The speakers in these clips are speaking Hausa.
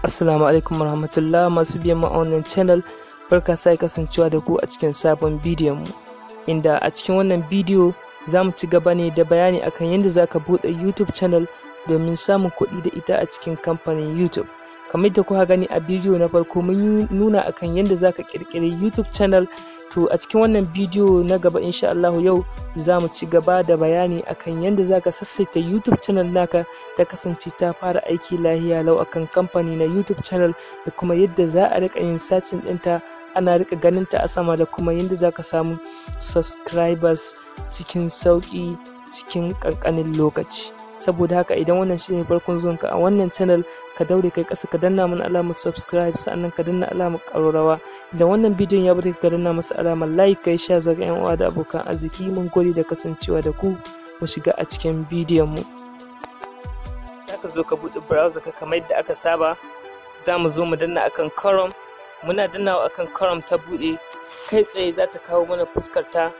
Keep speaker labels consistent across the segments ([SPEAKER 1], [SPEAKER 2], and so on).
[SPEAKER 1] Assalamu alaikum warahmatullah masu biyan ma'aunin channel barka sai kasancewa da ku a cikin sabon bidiyon mu inda a cikin wannan bidiyo za mu ci gaba ne da bayani akan yadda za ka buɗe YouTube channel domin samun kuɗi da ita a cikin kamfanin YouTube. Kamar da kuka gani a bidiyo na farko mun nuna akan yadda za ka ƙirƙiri YouTube channel to a cikin wannan bidiyo na gaba insha Allah yau za mu ci gaba da bayani akan yadda za ka sassaita YouTube channel naka ta kasance ta fara aiki lahiya lau akan kamfani na YouTube channel da kuma yadda za a rika yin sacin ɗinta ana rika ganinta a sama da kuma yadda za ka samu subscribers cikin sauƙi cikin ƙanƙanin lokaci saboda haka idan wannan shine farkon zuwanka a wannan channel ka daure kai ƙasa ka danna mana alamar subscribe sa'annan ka danna alamar ƙararrawa da wannan bidiyon ya bude ka danna masa alamar like kai sha zuwa ga 'yan uwa da abokan arziki mun gode da kasancewa da ku mu shiga a cikin bidiyon mu ka zo ka buɗe browser ka kamar yadda aka saba za mu zo mu danna akan chrome muna dannawa akan chrome ta buɗe kai tsaye za ta kawo mana fuskar ta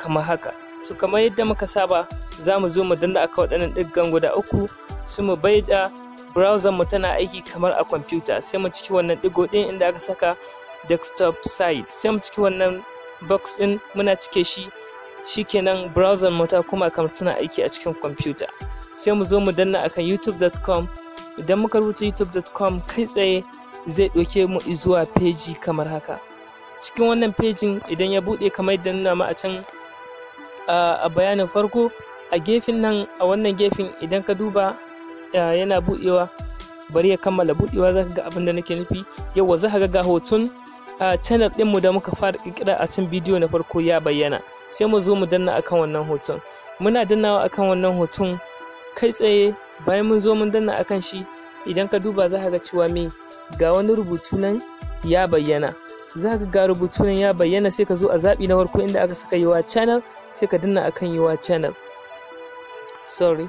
[SPEAKER 1] kamar haka to kamar yadda muka saba za mu zo mu danna akan waɗannan ɗiggan guda uku su mu baida browser mu tana aiki kamar a kwamfuta sai mu ciki wannan digo din inda aka saka desktop site sai mu ciki wannan box din muna cike shi shikenan browser mu ta kuma kamar tana aiki a cikin kwamfuta sai mu zo mu danna akan youtube.com idan muka rubuta youtube.com kai tsaye zai ɗauke mu zuwa peji kamar haka cikin wannan pejin idan ya buɗe kamar yadda nuna ma a can a bayanin farko a gefen nan a wannan gefen idan ka duba yana buɗewa bari ya kammala buɗewa za ka ga abin da nake nufi yawa za ka ga ga hoton a channel mu da muka fara kikira a can bidiyo na farko ya bayyana sai mu zo mu danna akan wannan hoton muna dannawa akan wannan hoton kai tsaye bayan mun zo mun danna akan shi idan ka duba za ka ga cewa me ga wani rubutu nan ya bayyana za ka ga rubutu nan ya bayyana sai ka zo a zabi na farko inda aka saka yiwa channel sai ka danna akan yiwa channel sorry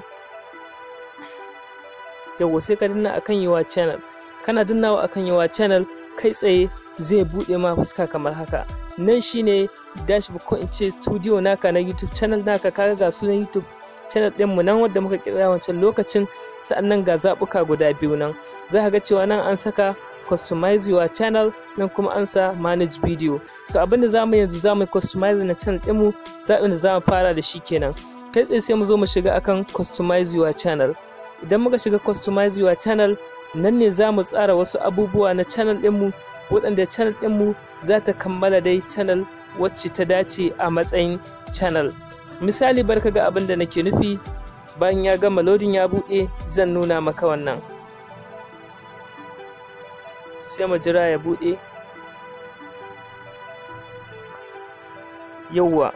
[SPEAKER 1] yawa sai ka danna akan yawa channel kana dinnawa akan yawa channel kai tsaye zai bude ma fuska kamar haka nan shine dashboard ko in ce studio naka na youtube channel naka kaga ga sunan youtube channel din mu nan wanda muka kira wancan lokacin sa'annan ga zabuka guda biyu nan za ka ga cewa nan an saka customize your channel nan kuma an sa manage video to abin da zamu yanzu zamu customize na channel din mu zaɓin da zamu fara da shi kenan kai tsaye sai mu zo mu shiga akan customize your channel idan muka shiga customize your channel nan ne za mu tsara wasu abubuwa na channel ɗinmu waɗanda channel ɗinmu za ta kammala dai channel wacce ta dace a matsayin channel misali barka ga abin da nake nufi bayan ya gama lodin ya buɗe zan nuna maka wannan sai mu jira ya buɗe yauwa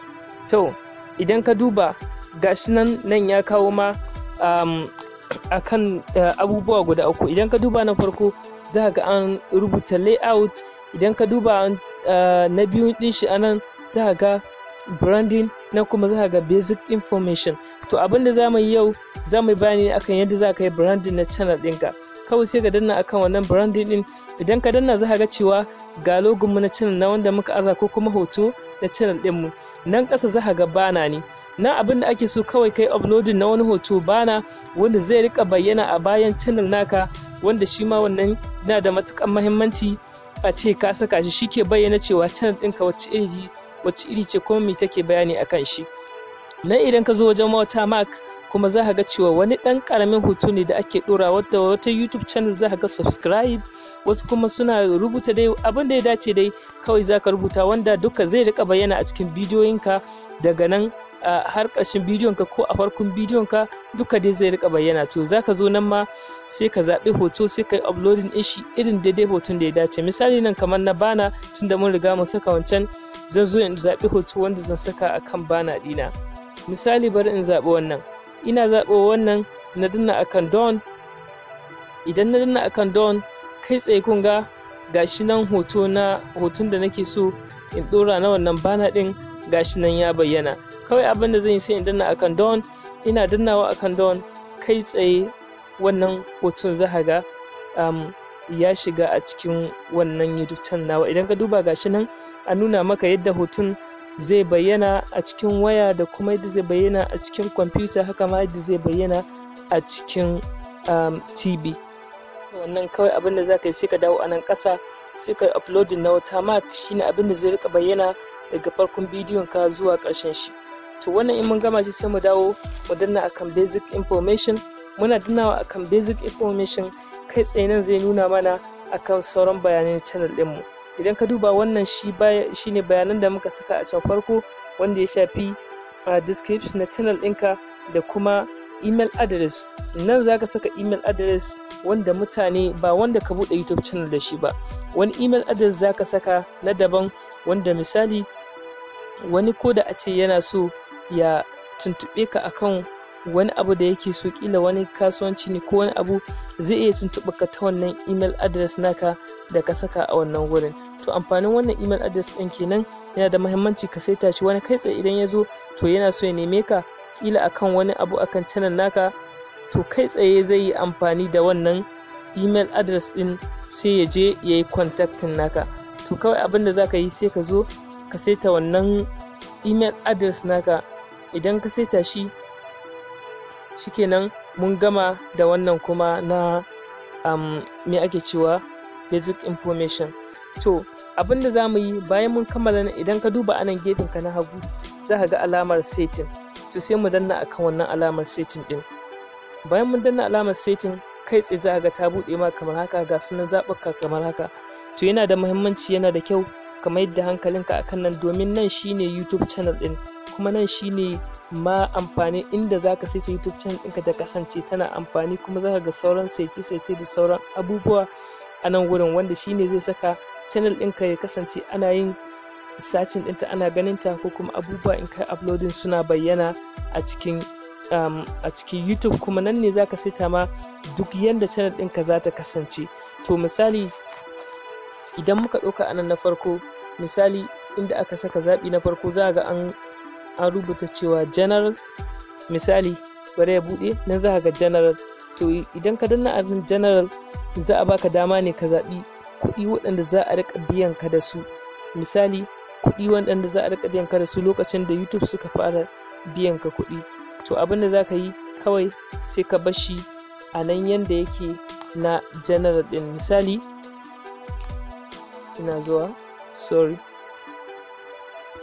[SPEAKER 1] to idan ka duba gashi nan nan ya kawo ma um, akan eh, abubuwa guda uku idan ka duba na farko za ga an rubuta layout idan ka duba eh, na biyu din shi anan za ga branding na kuma za ga basic information to abin da za mu yau za mu bayani akan yadda za ka yi branding na channel ɗinka kawai sai ka danna akan wannan branding din idan ka danna za ga cewa ga logon mu na channel na wanda muka aza ko kuma hoto na channel ɗinmu nan ƙasa za ga bana ne na abin da ake so kawai kai uploading na wani hoto bana wanda zai rika bayyana a bayan channel naka wanda shi ma wannan yana da matukan mahimmanci a ce ka saka shi shi ke bayyana cewa channel ɗinka wacce iri wacce iri ce kuma me take bayani akan shi na idan ka zo wajen wata mark kuma za ka ga cewa wani ɗan ƙaramin hoto ne da ake ɗora wata wata YouTube channel za ka ga subscribe wasu kuma suna rubuta dai abin da ya dace dai kawai za ka rubuta wanda duka zai rika bayyana a cikin bidiyoyinka daga nan har ƙarshen bidiyon ka ko a farkon bidiyon ka duka dai zai rika bayyana to zaka zo nan ma sai ka zaɓi hoto sai ka yi uploading din shi irin daidai hoton da ya dace misali nan kamar na bana tunda mun riga mun saka wancan zan zo in zaɓi hoto wanda zan saka a kan bana ɗina misali bari in zaɓi wannan ina zaɓa wannan na danna akan don idan na danna akan don kai tsaye kun ga gashi nan hoto na hoton da nake so in ɗora na wannan bana ɗin gashi nan ya bayyana kawai abin da zan yi sai in danna akan don ina dannawa akan don kai tsaye wannan hoton za ga um, ya shiga a cikin wannan youtube nawa idan ka duba gashi nan a nuna maka yadda hoton zai bayyana a cikin waya da kuma yadda zai bayyana a cikin kwamfuta haka ma yadda zai bayyana a cikin um, tv wannan kawai abin da za yi sai ka dawo a nan ƙasa sai ka uploading na wata mark shine abin da zai rika bayyana daga farkon bidiyon ka zuwa ƙarshen shi to wannan in mun gama shi sai mu dawo mu danna akan basic information muna dannawa akan basic information kai tsaye nan zai nuna mana akan sauran bayanan channel mu idan ka duba wannan shi shine bayanan da muka saka a can farko wanda ya shafi a ah, description na channel ɗinka da kuma email address nan za ka saka email address wanda mutane ba wanda ka buɗe youtube channel da shi ba wani email address za ka saka na daban wanda misali wani ko da a ce yana so ya tuntuɓe ka akan wani abu da yake so kila wani kasuwanci ne ko wani abu zai iya tuntuɓa ka ta wannan email address naka da ka saka a wannan wurin to amfanin wannan email address ɗin kenan yana da muhimmanci ka saita shi wani kai tsaye idan ya zo to yana so ya neme ka kila akan wani abu akan channel naka to kai tsaye zai yi amfani da wannan email address ɗin sai ya je ya yi contacting naka to kawai abin da za ka yi sai ka zo ka saita wannan email address naka idan ka saita shi shikenan mun gama da wannan kuma na um, me ake cewa basic information to da za mu yi bayan mun kammala idan ka duba anan gefen ka na hagu za ka ga alamar setting to sai mu danna akan wannan alamar setting din bayan mun danna alamar setting kai tsaye za ga ta buɗe ma kamar haka ga sunan zaɓuka kamar haka to yana da muhimmanci yana da kyau ka mayar da hankalinka akan nan domin nan shine youtube channel din kuma nan shi ne ma amfani inda za ka saita youtube channel ɗinka ta kasance tana amfani kuma za ka ga sauran saiti saiti da sauran abubuwa a nan wurin wanda shi ne zai saka channel ɗinka ya kasance ana yin sacin ɗinta ana ganin ta ko kuma abubuwa in kai uploading suna bayyana a cikin um, a cikin youtube kuma nan ne za zaka saita ma duk yadda channel ɗinka za ta kasance to misali idan muka ɗauka anan nan na farko misali inda aka saka zaɓi na farko za ga an an rubuta cewa general misali bari ya buɗe nan za ga general to idan ka danna a general za a baka dama ne ka zaɓi kuɗi waɗanda za a riƙa biyan ka da su misali kuɗi waɗanda za a riƙa biyan ka da su lokacin da youtube suka fara biyan ka kuɗi to abin da za ka yi kawai sai ka bashi a nan yanda yake na general ɗin misali ina zuwa sorry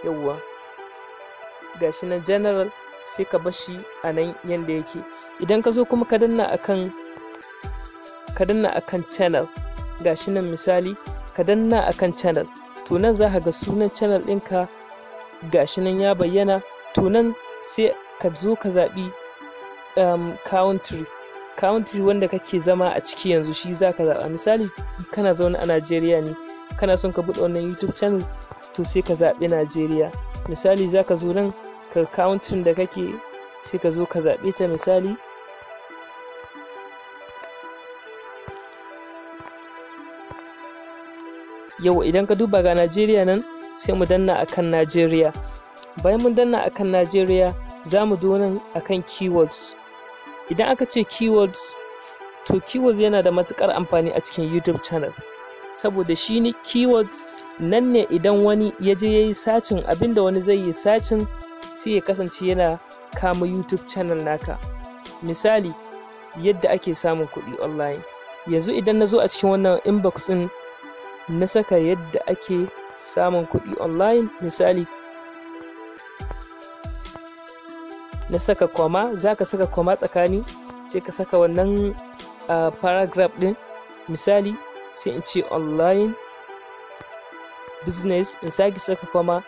[SPEAKER 1] yawwa shi na general sai ka bar shi a nan yadda yake idan ka zo kuma ka danna akan ka danna akan channel nan misali ka danna akan channel to nan za ka ga sunan channel ɗinka shi nan ya bayyana to nan sai ka zo ka zaɓi um, country country wanda kake zama a ciki yanzu shi za ka zaɓa misali kana zaune a najeriya ne kana son ka buɗe wannan youtube channel to sai ka zaɓi najeriya misali za ka zo nan ka countin da kake sai ka zo ka zaɓe ta misali yau idan ka duba ga najeriya nan sai mu danna akan najeriya bayan mun danna akan najeriya za mu nan akan keywords idan aka ce keywords to keywords yana da matukar amfani a cikin youtube channel saboda shi ne keywords nan ne idan wani ya je ya yi sacin abinda wani zai yi sacin sai ya kasance yana kama youtube channel naka misali yadda ake samun kuɗi online yanzu idan na zo a cikin wannan inbox ɗin na saka yadda ake samun kuɗi online misali na saka kwama za ka saka kwama tsakani sai ka saka wannan uh, paragraph ɗin misali sai in ce online business in sake saka kwama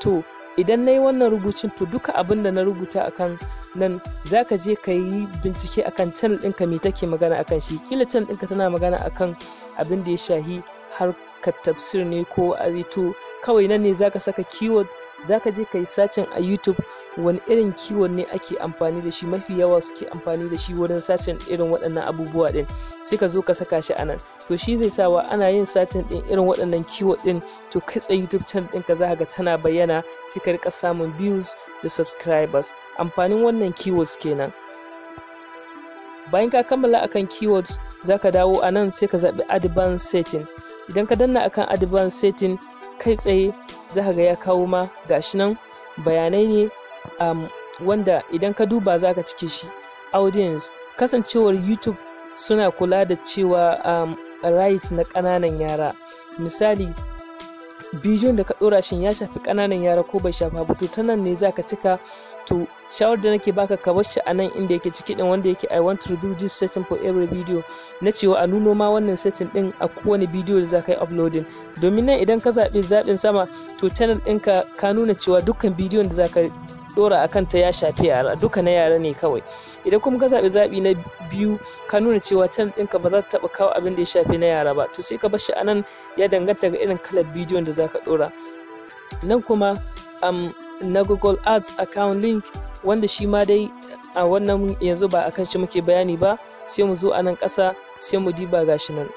[SPEAKER 1] to idan na yi wannan rubucin to duka abin da na rubuta akan nan za ka je ka yi bincike akan channel ɗinka me take magana akan shi kila channel ɗinka tana magana akan abin da ya shahi harkar tafsir ne ko azito kawai nan ne za ka saka keyword za ka je ka yi sacin a youtube wani irin kiwon ne ake amfani da shi mafi yawa suke amfani da shi wurin sacin irin waɗannan abubuwa ɗin sai ka zo ka saka shi anan to shi zai sawa ana yin sacin ɗin irin waɗannan kiwo ɗin to kai tsaye youtube channel ka za ka ga tana bayyana sai ka rika samun views da subscribers amfanin wannan keywords kenan bayan ka kammala akan keywords za ka dawo a nan sai ka zaɓi advanced setting idan ka danna akan advanced setting kai tsaye za ka ga ya kawo ma gashi nan bayanai ne um, wanda idan ka duba za ka cike shi audience kasancewar youtube suna kula da cewa um, right na ƙananan yara misali bidiyon da ka ɗora shi ya shafi kananan yara ko bai shafa ba to ta ne za ka cika to shawar da nake baka ka bar shi a nan inda yake ciki din wanda yake i want to review this setting for every video na cewa a nuno ma wannan setting din a kowane bidiyo da za ka yi uploading domin nan idan ka zaɓi zaɓin sama to channel ɗinka ka nuna cewa dukkan bidiyon da za ka dora a kanta ya shafi yara duka na yara ne kawai idan kuma ka zaɓi zaɓi na biyu ka nuna cewa can ɗinka ba za ta taɓa kawo abin da ya shafi na yara ba to sai ka bashi anan ya danganta ga irin kalar bidiyon da za ka ɗora nan kuma um, na google ads account link wanda shi ma dai a wannan yanzu ba akan shi muke bayani ba sai mu zo a nan ƙasa sai mu diba gashi nan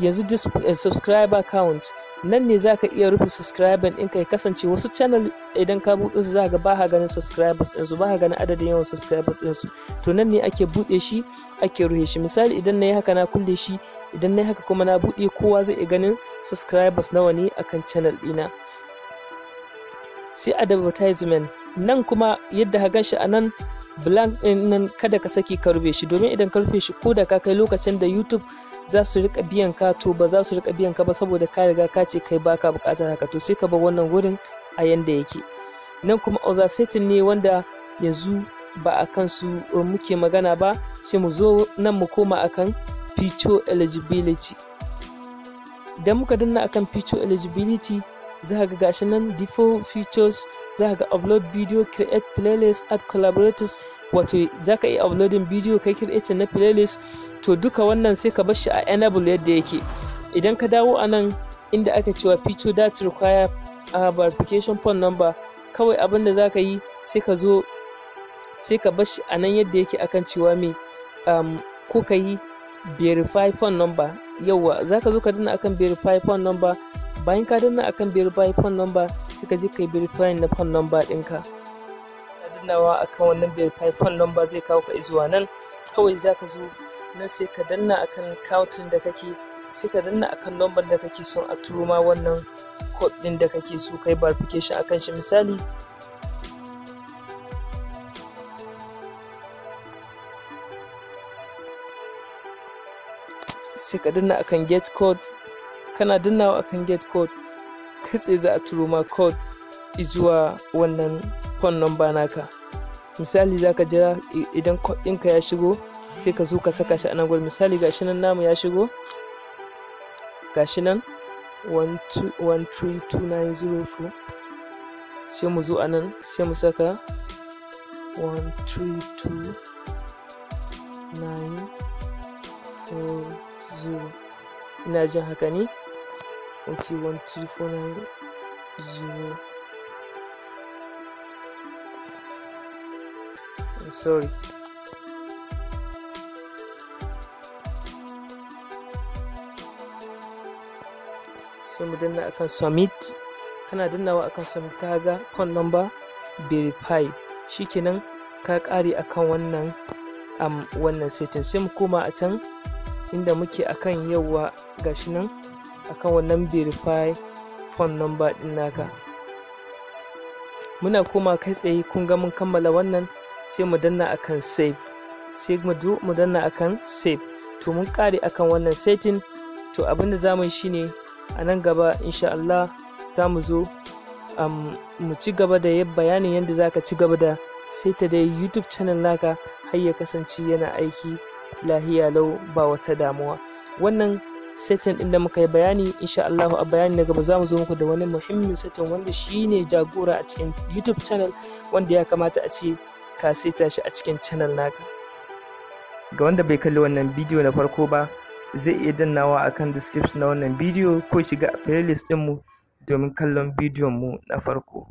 [SPEAKER 1] yanzu eh, subscriber count nan ne za ka iya rufe subscriber in ka kasance wasu channel idan ka buɗe su ka ba ka ganin subscribers din su ba ka ganin adadin yawan subscribers din su to nan ne ake buɗe shi ake rufe shi misali idan nayi haka na kulle shi idan nayi haka kuma na buɗe kowa zai iya ganin subscribers nawa ne akan channel dina sai advertisement nan kuma yadda ka shi a nan blank din nan kada ka saki ka rufe shi domin idan ka rufe shi ko da ka kai lokacin da YouTube za su rika biyan ka to ba za su rika biyan ka ba saboda ka riga ka ce kai baka bukatar haka to sai ka bar wannan gurin a yanda yake nan kuma ozacetin ne wanda yanzu ba a kan su eh, muke magana ba sai mu zo nan mu koma akan pito eligibility idan muka danna akan pito eligibility za ga gashi nan default features za ga upload video create playlist add collaborators wato za ka yi uploading bidiyo kai creating na playlist to duka wannan sai ka bar shi a enable yadda yake idan ka dawo a nan inda aka cewa feature that require a ah, verification phone number kawai abin da za ka yi sai ka zo sai ka bar shi a nan yadda yake akan cewa me um, ko ka yi verify phone number yauwa za ka zo ka danna akan verify phone number bayan ka danna akan verify phone number sai ka je ka yi verify na phone number ɗinka. dannawa akan wannan verify phone number zai kawo ka zuwa nan kawai za ka zo nan sai ka danna akan counting da kake sai ka danna akan lambar da kake son a turo ma wannan code din da kake so kai verification akan shi misali sai ka danna akan get code kana dannawa akan get code kai tsaye za a turo ma code izuwa wannan phone number naka misali zaka jira idan code ɗinka ya shigo sai ka zo ka saka shi a nan gurin misali ga nan namu ya shigo ga nan 132904 sai mu zo a nan sai mu saka 132940 ina jin haka ne ok episodio. sai mu danna akan submit kana dannawa akan submit ka ga con number verify shikenan ka kare akan wannan um, wannan setting sai mu koma a can inda muke akan yawa gashi nan akan wannan verify phone number din naka muna koma kai tsaye kun ga mun kammala wannan sai mu danna akan save sai mu danna akan save to mun kare akan wannan setting to abinda za mu shi shine a nan gaba insha Allah za mu zo mu ci gaba da bayanin yadda za ka ci gaba da saita da youtube channel naka har ya kasance yana aiki lahiya lau ba wata damuwa wannan setting din da muka yi bayani insha Allah a bayani na gaba za mu zo muku da wani muhimmin setting wanda shine jagora a cikin youtube channel wanda ya kamata a ce ka saita shi a cikin channel naka ga wanda bai kalli wannan bidiyo na farko ba zai iya dannawa akan description na wannan bidiyo ko shiga a playlist ɗinmu domin kallon bidiyon mu na farko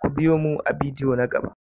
[SPEAKER 1] ku biyo mu a bidiyo na gaba